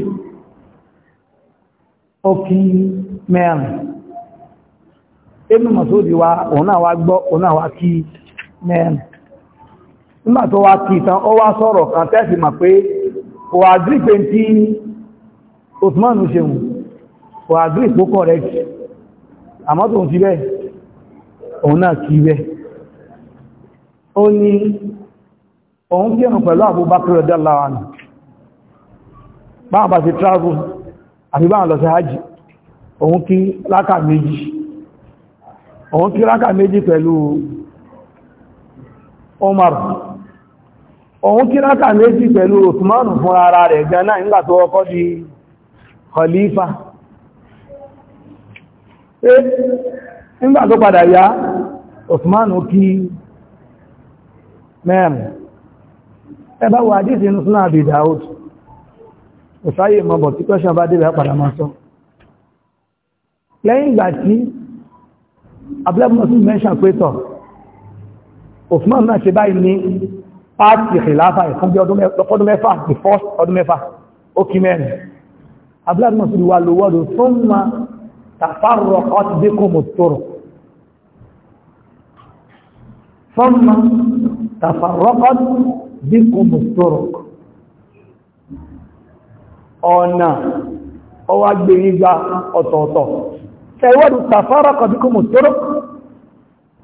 ó kí mẹ́rin Ibn Mas'ud wa òun náà wá gbọ́ òun náà wá kí mẹ́rin nígbà tó wá kí ìtàn ó wá sọ̀rọ̀ kan tẹ́sì mà pé kò àgírí pé tí Osman ṣe wù kò àgírí pó correct àmọ́ tó ń ti bẹ́ẹ̀ òun náà kí bẹ́ẹ̀ ó ní òun kírùn pẹ̀lú Abubakar radiyallahu anhu báwọn bá ti travel àti báwọn lọ sí hajji òun kí rákà méjì òun kí Umar òun kí rákà méjì pẹ̀lú Osman fún ara rẹ̀ gan náà nígbà ọkọ́ di Khalifa pé nígbà padà yá Osman kí mẹ́rin ẹbá wà jíṣẹ́ inú súnà àbì Dáúd ìsáyè mọ́bọ̀ tí kọ́ṣọ́ bá débẹ̀ padà máa sọ lẹ́yìn ìgbà tí abúlẹ́bùn mẹ́ṣà pé Osman náà ṣe báyìí ní pàtì ìlàáfà ìfún bí ọdún mẹ́fà the first ọdún mẹ́fà ó kí mẹ́rin abúláàdì mọ̀ sí wà lówọ́dù tó ń ma tàfàrọ̀ ọtí dé kò mọ̀ ثم تفرقت بكم الطرق ọ̀nà ọwà gbèrìgbà ọ̀tọ̀ọ̀tọ̀ ẹwọ́dù tàfàrọ̀ ọtí dé kò mọ̀ tóró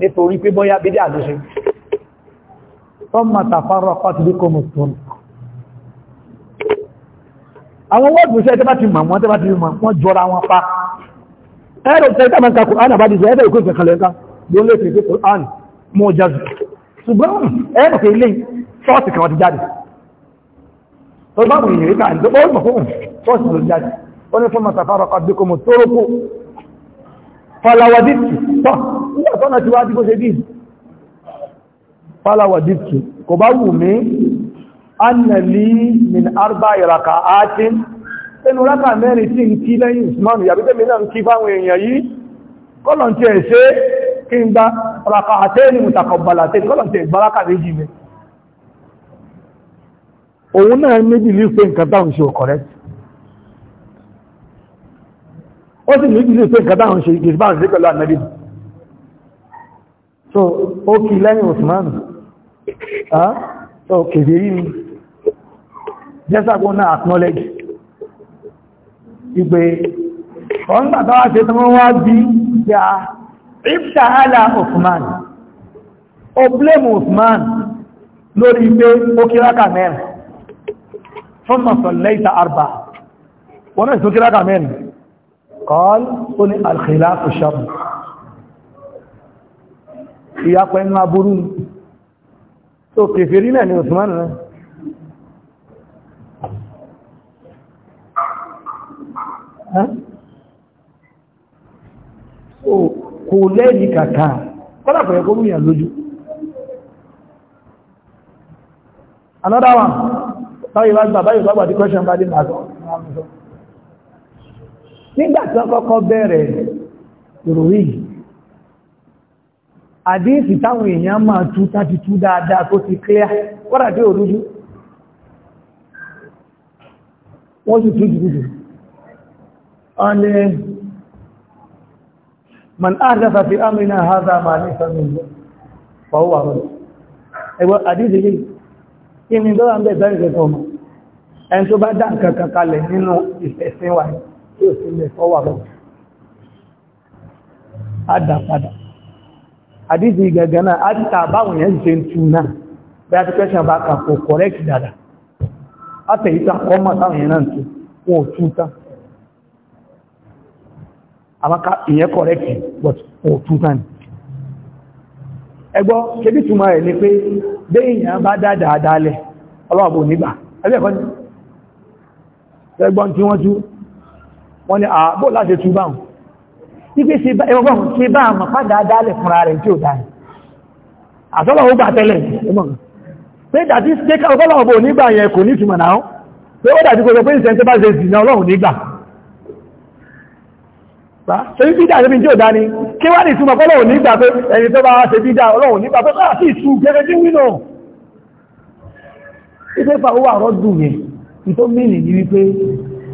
nítorí pé bọ́yá bí díà ló ṣe tọ́mà tàfàrọ pàtàkì kò mọ̀ tó àwọn wọ́n gbùsẹ́ tẹ́bá ti mọ̀ wọ́n tẹ́bá ti mọ̀ wọ́n jọra wọn pa ẹ̀rọ tẹ́bá mọ̀ kakù án àbádi sọ ẹ̀rọ ìkóòsẹ̀ kalẹ̀ ká ló lè fi kò án mọ́ jazù ṣùgbọ́n ẹ̀rọ pé ilé ṣọ́ọ̀tì kan ti jáde tó bá wùnyìn rí ká ní tó bọ́ falawadìtì tọ́ nígbà tọ́nà ti wá tí kó ṣe bí falawadìtì kò bá wù mí annali min arba ìraka átín ẹnu rákà mẹ́rin tí ń kí lẹ́yìn usmanu yàbíkẹ́ mi náà ń kí fáwọn èèyàn yìí kọ́lọ̀n tí ẹ̀ ṣe kí ń gba raka àtẹ́ni mùtàkọ̀bàlà tẹ́ kọ́lọ̀n tí ó sì ní ìlú pé nǹkan táwọn ṣe ìgbésí báwọn pẹ̀lú ànábì so ó kí lẹ́yìn Ah, so kèdè yìí ni jẹ́sàgbó acknowledge ìgbé ọ̀n bàbá wá ṣe tó wọ́n wá bí ya ìfta ala Usman ó blame Usman lórí pé ó kíráka mẹ́rin fún mọ̀sán lẹ́ta arba wọ́n náà ìsókíráka mẹ́rin قال قل الخلاف شر يا قوم ابرون تو كفرين ان عثمان ها o kò lẹ́ni kàkà kọ́lá kò yẹ kó múyàn lójú another one báyìí bá gbà báyìí bá gbà tí question bá dé máa nígbà tí wọ́n kọ́kọ́ bẹ̀rẹ̀ ìròyìn daadaa táwọn èèyàn máa tú tàbí tú dáadáa tó ti clear kọ́dà tí wọ́n sì tú jùlọ ọ̀nà man áàdáfà fi amina haza ma ní sọ́nà fọwọ́ àwọn ẹgbẹ́ àdíìsì yìí kí ni dọ́wà ń bẹ̀ bẹ̀rẹ̀ ẹni tó bá dá nǹkan kankalẹ̀ nínú ìfẹ̀sìn wáyé tí ò sí mẹ́ ọwà mọ́ àdá àdíjì gẹ̀gẹ̀ náà ti ṣe ń náà bí a ti kẹ́ṣẹ́ bá kà kọ̀rẹ́kì dada a kọ́mọ̀ táwọn but ni ẹgbọ́ kébí túnmọ̀ rẹ̀ ni pé bí èèyàn bá dáadáa dálẹ̀ ọlọ́ọ̀bù wọ́n ni àbò ah, láti tú báhùn ipé ṣe bá àmà padà dálẹ̀ fúnra rẹ̀ tí ó dáa àtọ́lọ́wọ́ gbà tẹ́lẹ̀ ẹmọ́ pé dàtí stéka ọgọ́lọ́wọ́ nígbà yẹn kò ní ìtumọ̀ náà pé ó dàtí kò sọ pé ìsẹ́ntẹ́ bá ṣe ìsìnà ọlọ́run nígbà ṣe bí dídá níbi tí ó dání kí wá ní ìtumọ̀ ọlọ́run nígbà pé ẹni tó bá ṣe dídá ọlọ́run nígbà pé káà ah, sí ìtú gẹ́gẹ́ bí wínà ìfẹ́fà ó wà rọ́dùn yẹn ìtó mìnì ní wípé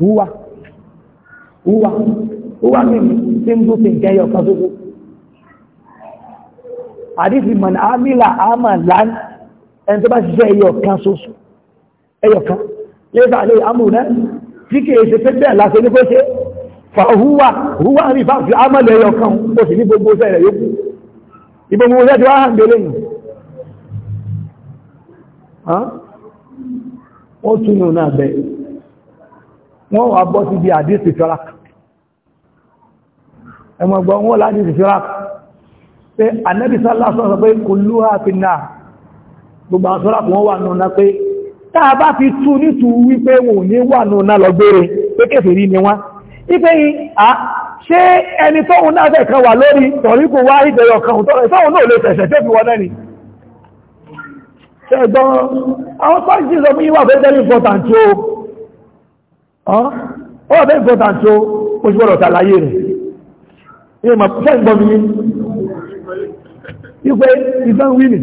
wúwa wúwa wúwa mímu tí ń bú sí nǹkan ẹyọ kan ṣoṣo àdífi mọ̀nà ámìlà àmà lán ẹni tó bá ṣiṣẹ́ ẹyọ kan ṣoṣo ẹyọ kan lẹ́gbà lè amúnà tí kìí ṣe pé bẹ́ẹ̀ láti ní kó ṣe fa húwa húwa rí bá fi ámàlẹ̀ ẹyọ kan ó sì ní gbogbo ṣẹlẹ̀ yókù ìbò mú ṣẹ́ ti wá hàn gbélé yìí wọ́n tún yóò náà bẹ̀rẹ̀ wọ́n wà bọ́ sí bí àdíṣì fẹ́ràkà ẹmọ̀gbọ́n wọ́n láàdíṣì fẹ́ràkà pé ànẹ́bìsá lásán sọ pé kò lúwà fi náà gbogbo àṣọ́ràkù wọ́n wà nùnà pé táà bá fi tú nítù wípé wò ní wà nùnà lọ gbére pé kèfèrí ni wọ́n ipé à ṣé ẹni tóhun náà fẹ́ kan wà lórí tọ̀ríkù wá ìbẹ̀rẹ̀ ọ̀kan tóhun náà lè tẹ̀sẹ̀ tẹ́ fi wọ́n náà ni ṣẹ́gbọ́n àwọn pàṣíṣẹ́ sọ fún yíwà fẹ́ tẹ́lẹ̀ important o ọ̀rọ̀ oh, important tó oṣù tàlàyé rẹ̀ yóò mọ̀ fẹ́ ìgbọ́mí wípé ìfẹ́ wí nì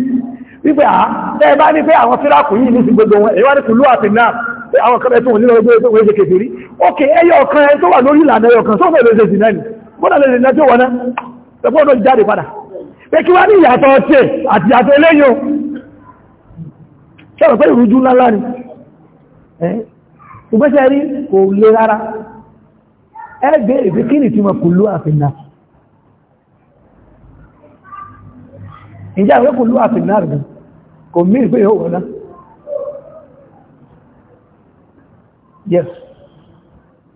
wípé àá tẹ́ bá ní pé àwọn fíráàkù yìí ní sí gbogbo wọn èyí wá ní kùlú àti náà pé àwọn kan ẹ̀tún òní lọ́gbẹ́ tó wọ́n ṣe ókè ẹyọ kan ẹ tó wà lórí ìlànà ẹyọ kan sófẹ́ ìgbésẹ̀ rí kò lè rárá ẹgbẹ́ ìfikíni tí ma kùlú àfinà ìjà ìwé kùlú àfinà rẹ̀ kò mí ìgbé yóò wọ́ná yes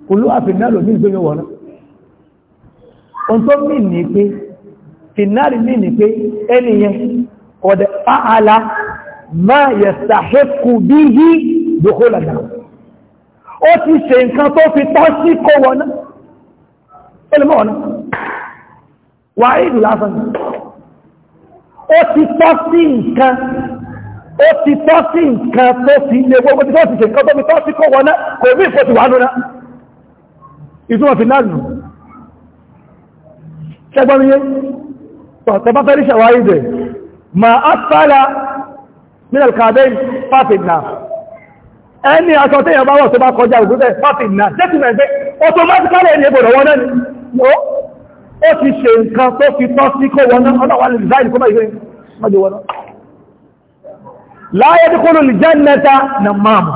kùlú àfinà lò mí ìgbé yóò wọ́ná ohun tó mí ní pé finari mí ní pé ẹniyẹn ọ̀dẹ̀ fa'ala ma yẹ̀ sàhẹ́kù bí yí dókólà náà ó ti ṣe nǹkan tó fi tọ́ sí kó wọná ẹlùmọ́ ọ̀nà wà ìlú lásán ó ti tọ́ sí nǹkan ó ti tọ́ sí nǹkan tó fi lè gbogbo tí ó ti ṣe nǹkan tó fi tọ́ sí kó wọná kò rí ìfò ti wà lóná ìtumọ̀ fi lánàá ṣẹgbọ́n ẹni aṣọ tí ìyàn bá wọ̀ tó bá kọjá ògúnbẹ̀ fáfin náà jẹ́tìmẹ̀ pé automatically ẹni ẹgbọ̀rọ̀ wọn náà ni ó ti ṣe nǹkan tó fi tọ́ sí kó wọn náà ọlọ́wà lè design kó báyìí mọ́jọ wọn láyé tí kúrò lè jẹ́ nẹta na máàmù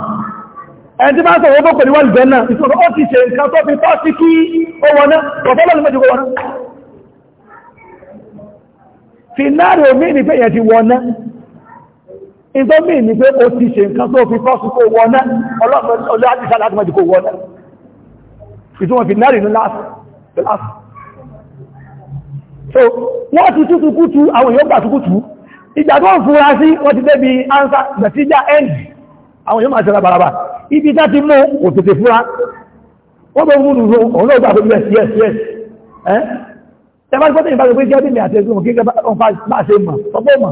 ẹni tí bá sọ owó pẹ̀lú wà lùgbẹ́ náà ìṣòro ó ti ṣe nǹkan tó fi tọ́ sí kí ó wọn náà ọ̀fọ́lọ́ lè mọ́jọ wọn náà ìgbọ́mí ní pé o ti ṣe nǹkan tó fi kọ́sù kó wọná ọlọ́pàá láti mọ́jú kó wọná ìtumọ̀ fi náà rìnú láàfù so wọ́n ti tútù kútù àwọn èèyàn gbà túkútù ìjà tó ń fúra sí wọ́n ti débi ánsá gbẹ̀tíjà end àwọn èèyàn máa ṣe rabaraba ibi tá ti mú kò tètè fúra wọ́n bọ́ mú nùrù òun náà gbà pẹ̀lú ẹ̀sì ẹ̀sì ẹ̀sì ẹ́ tẹ́bá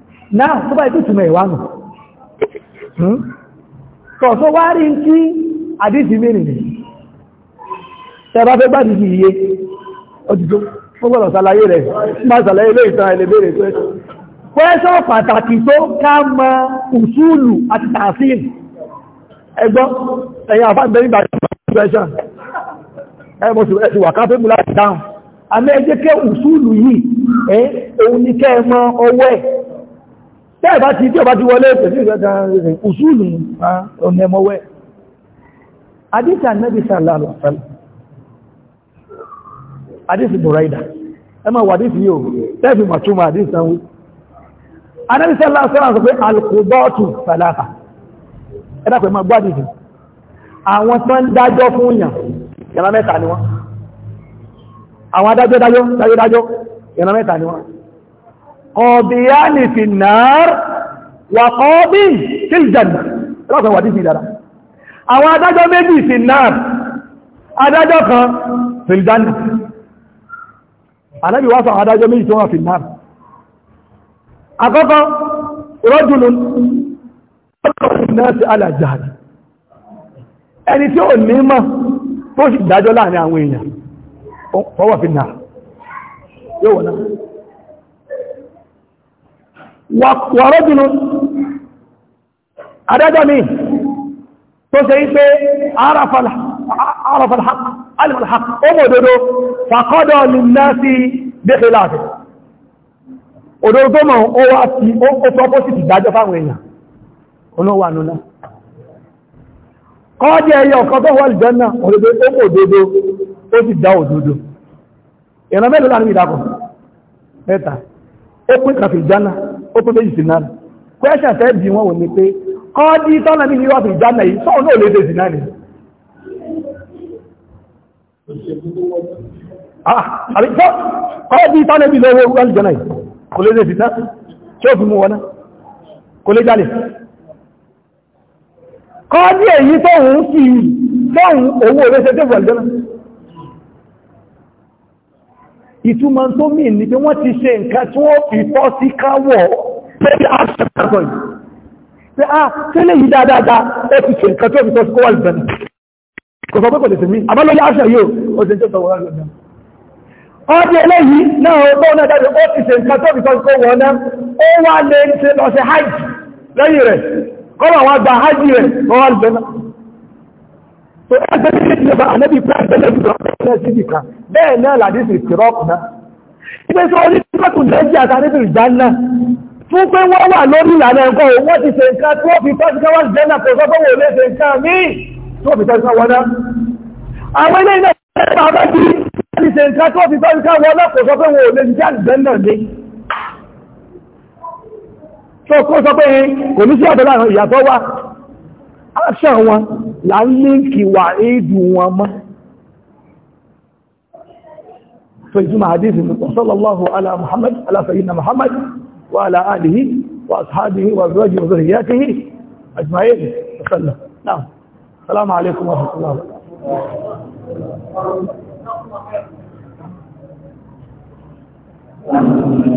náà tó bá ìtùtù mẹ́ ìwánù tọ̀tọ̀ hmm? wá rí ń kí àdíjì mẹ́rin rẹ̀ tẹ́bá fẹ́ gbádìí sí iye ọdìjọ́ fọ́gbọ́nà sàlàyé rẹ̀ má sàlàyé lè ìtàn ẹlẹ́bẹ̀rẹ̀ pẹ́ṣọ́ pàtàkì tó ká mọ ùsùlù àti tààfíìn ẹgbọ́ ẹ̀yìn àfáàbẹ̀rin bàtí pẹ́ṣọ́ ẹ̀mọ̀sí wà ká fẹ́ mú láti dáhùn àmẹ́ ẹjẹ́ kẹ́ ùsùlù yìí ẹ̀ òun ni kẹ́ mọ ọwọ́ ẹ̀ bẹ́ẹ̀ bá ti tí ọba ti wọlé pẹ̀lú ìgbẹ̀ta ìṣúlù ọmọ ẹmọwẹ́ adíṣà nẹ́bí sàlálù àṣálù adíṣì bùráìdà ẹ ma wà adíṣì yóò tẹ́fì màtúmà adíṣà wú anẹ́bí sàlálù sọ pé alkùbọ́ọ̀tù sàlátà ẹ̀dàpẹ̀ ma gbọ́ adíṣì àwọn tó ń dájọ́ fún yàn yàrá mẹ́ta ni wọ́n àwọn adájọ́ dájọ́ dájọ́ wọ́n kọ̀ọ̀bìyàní fi náà wà kọ́ọ̀bí fíljẹ̀nì lọ́kọ̀ wà dìsí dára àwọn adájọ́ méjì fi náà adájọ́ kan fíljẹ̀nì anábi wá sọ adájọ́ méjì tó wà fi náà akọ́kọ́ rọ́jùlùn ẹni tí ó ní mọ́ tó sì dájọ́ láàrin àwọn èèyàn ọwọ́ fi náà wọ̀rọ̀dùnú adájọ́ mi tó ṣe ń pé arafalhaq ọmọ òdòdó fàkọ́dọ̀ nìlá sí dékèlá àti òdòdó mọ̀ ó wá sí ó fọ́pọ́sìtì dájọ́ fáwọn èèyàn olówà nùlá kọ́ọ̀dẹ̀ ẹyọ ọ̀kan tó wà ọmọ ó tó méjì sí náà question tẹ́ bí wọ́n wò ní pé kọ́ọ́dí tọ́nà ní yíwá fi ìjánà yìí sọ́ọ̀ náà lè dé sí náà ni ah, kọ́ọ́dí tọ́nà bí lọ́wọ́ wọ́n lè jọ́nà yìí kò lè dé sí náà tí ó fi mú wọn kò lè jálè kọ́ọ́dí èyí tóhun sí tóhun owó orí ṣe tó fọ̀ ìjọ́nà ìtumọ̀ tó mì ní pé wọ́n ti ṣe nǹkan tí wọ́n fi tọ́ sí káwọ̀ pẹ́lú àṣàkàtọ̀ yìí pé a ah, tẹ́lẹ̀ yìí dáadáa ó ti ṣe nǹkan tí ó fi tọ́ sí kọ́wà ìbẹ̀rẹ̀ kò sọ pé kò lè sí mí àbálọ́lẹ́ àṣà yóò ó ti ń tẹ́tọ̀ wọ́n rẹ̀ ọdí eléyìí náà ọgbọ́ náà dájú ó ti ṣe nǹkan tó fi tọ́ sí kọ́wọ̀ ọ̀nà ó wá lè ṣe lọ sí hajj lẹ́yìn rẹ̀ kọ́wà wá gba hajj rẹ̀ kọ́wà ìbẹ̀rẹ̀ tó ẹgbẹ́ nílé ti lọ́ba ànábì ibrahim tẹ́lẹ̀ jùlọ ọ̀pẹ́ síbì kan bẹ́ẹ̀ náà làdísì tìrọ́p náà ibi sọ orí tìrọ́pù lẹ́jì àtàríbì ìjánná fún pé wọ́n wà lórí ìlànà ẹ̀kọ́ wọ́n ti ṣe nǹkan tí wọ́n fi tọ́jú ká wọ́n jẹ́ náà pẹ̀lú aṣà wọn là ń líǹkì wà éèdù wọn mọ́ tó ìtumọ̀ àdíṣì ní sallallahu ala muhammad ala sayyidina muhammad wa ala alihi wa ashabihi wa azwaji wa zurriyatihi ajma'in wa sallam na'am assalamu alaikum wa rahmatullahi wa barakatuh